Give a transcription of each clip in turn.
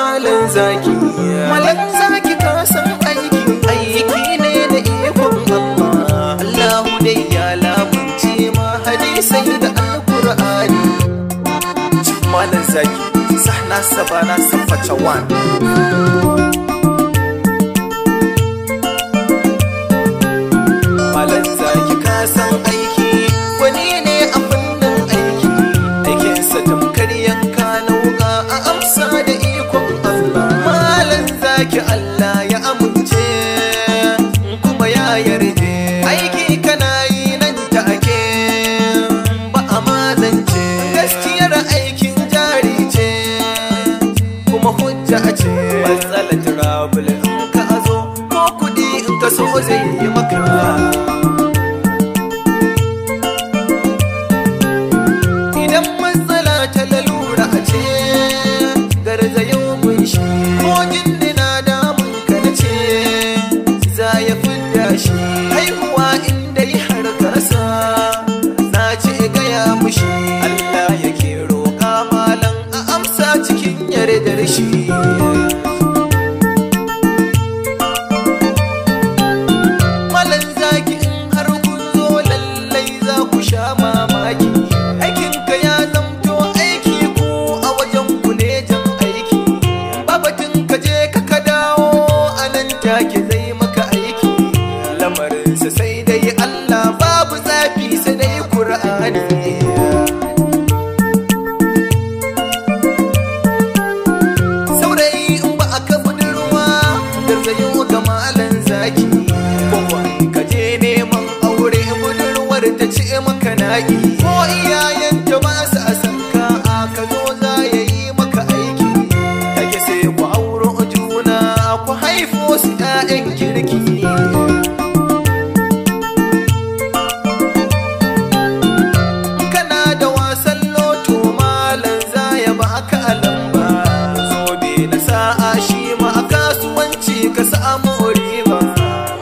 malam zaki malam zaki ka san aiki aiki ne da ikon Allah Allahu dai ya labunce ma hadisai da alqur'ani malam zaki sahna sabana safacha wan kirje aiki kana yi nan ake ba a mazance gaskiyar aikin jari ce kuma hujja ce matsala travel in ka zo ko kudi in ka so zai yi maka da haihuwa in dai harkarsa na ce gaya mushi Allah ya roƙa malam a amsa cikin yardar shi sa sai dai Allah babu zafi sa dai Qur'ani saurayi in ba aka budin ruwa garzayin ga malan zaki kawai ka je neman aure budurwar ta ce maka more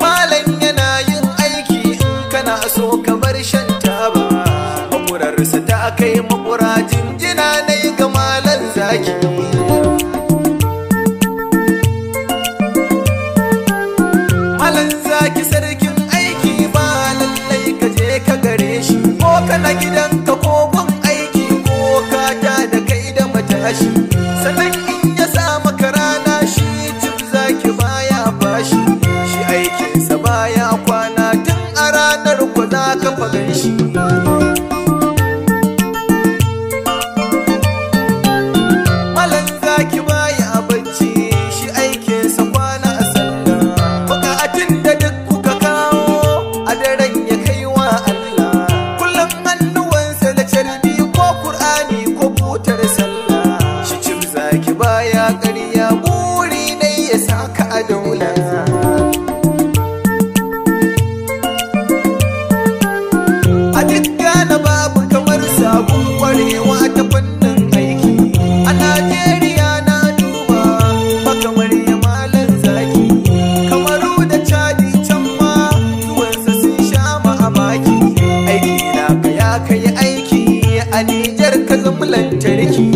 malam yana yin aiki in kana so ka bar shan taba makurarsa ta kai makura jina na yi ga malam zaki 我的心。ka yi aiki a Nijar ka zama lantarki